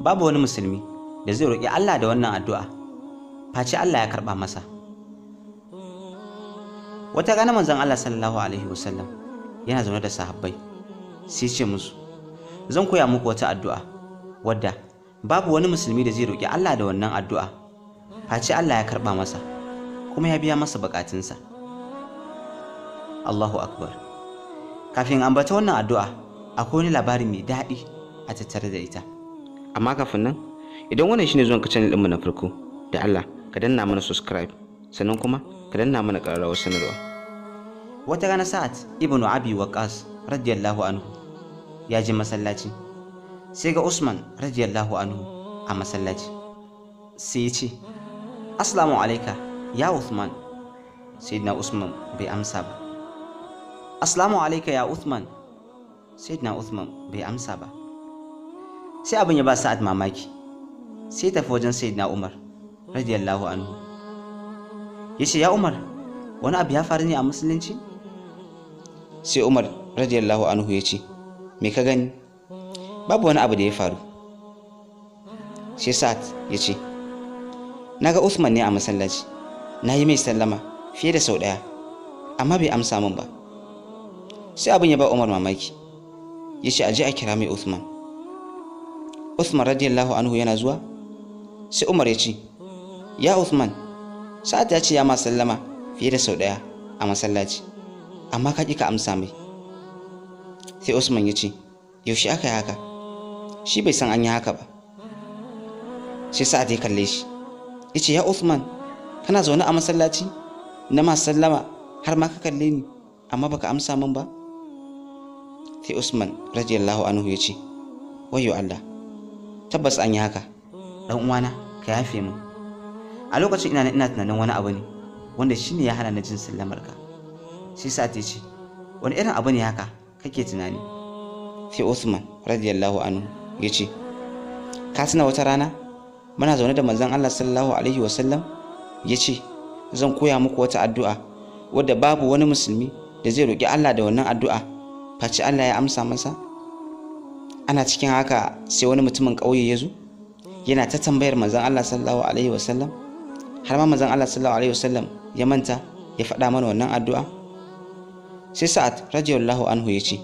babu wani musulmi da zai roƙi Allah da wannan addu'a face Allah ya karɓa masa wata gane manzan Allah sallallahu alaihi wasallam yana zaune da sahabbai sai ce musu zan koya muku wata addu'a wadda babu wani musulmi da zai roƙi Allah da wannan addu'a face Allah ya karɓa masa kuma ya biya masa buƙatunsa Allahu akbar kafin ambata wannan addu'a akwai wani labari mai daɗi a tattare da ita amma kafin nan idan wannan shine zuwan ka channel mu na farko da Allah ka danna mana subscribe sannan kuma ka danna mana ƙararrawar sanarwa wata rana sa'ad ibnu abi waqas radiyallahu anhu ya je masallaci sai ga usman radiyallahu anhu a masallaci sai ya ce assalamu alaika ya sai sayyidina usman bai amsa ba assalamu alaika ya usman sayyidina uthman bai amsa ba sai abin ya ba sa'ad mamaki sai tafi wajen sayyidina umar radiyallahu anhu ya ce ya umar wani abu ya faru ne a musulunci sai umar radiyallahu anhu ya ce me ka gani babu wani abu da ya faru sai sa'ad ya ce na ga usman ne a masallaci na yi mai sallama fiye da sau ɗaya amma bai amsa min ba sai abin ya ba umar mamaki ya ce aje a kira mai usman Uthman radiyallahu anhu yana zuwa sai Umar ya ce ya Uthman sa'ad ya ce ya ma sallama fiye da sau ɗaya a masallaci amma ka ƙi ka amsa mai sai Usman ya ce yaushe aka yi haka shi bai san an yi haka ba sai sa'ad ya kalle shi ya ce ya Uthman kana zaune a masallaci na ma sallama har ma ka kalle ni amma baka amsa min ba sai Usman radiyallahu anhu ya ce Wayo Allah tabbas an yi haka ɗan uwana ka yafe mu a lokacin ina ina tunanin wani abu ne wanda shine ya hana na jin sallamar ka shi sa ta ce wani irin abu ne haka kake tunani sai Usman radiyallahu anhu ya ce ka tuna wata rana muna zaune da manzon Allah sallallahu alaihi wasallam ya ce zan koya muku wata addu'a wadda babu wani musulmi da zai roƙi Allah da wannan addu'a face Allah ya amsa masa ana cikin haka sai wani mutumin ƙauye ya zo yana ta tambayar manzon Allah sallallahu alaihi wasallam har ma manzon Allah sallallahu alaihi wasallam ya manta ya faɗa mana wannan addu'a sai sa'ad radiyallahu anhu ya ce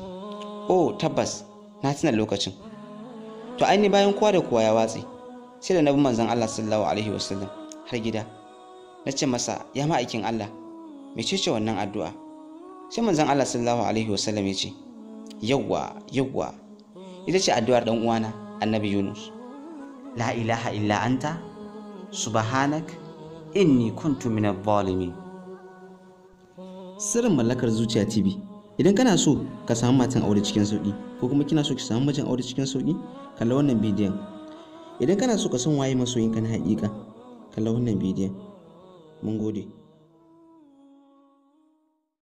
oh tabbas na tuna lokacin to aini bayan kowa da kowa ya watse sai da na bi manzon Allah sallallahu alaihi wasallam har gida na ce masa ya ma'aikin Allah mecece wannan addu'a sai manzon Allah sallallahu alaihi wasallam ya ce yawwa yawwa ita ce addu'ar ɗan uwana annabi yunus la ilaha illa anta subhanak inni kuntu minadh zalimin sirrin mallakar zuciya tv idan kana so ka samu matan aure cikin sauki ko kuma kina so ki samu mijin aure cikin sauki kalla wannan bidiyon idan kana so ka san waye masoyinka na haƙiƙa kalla wannan bidiyon mun gode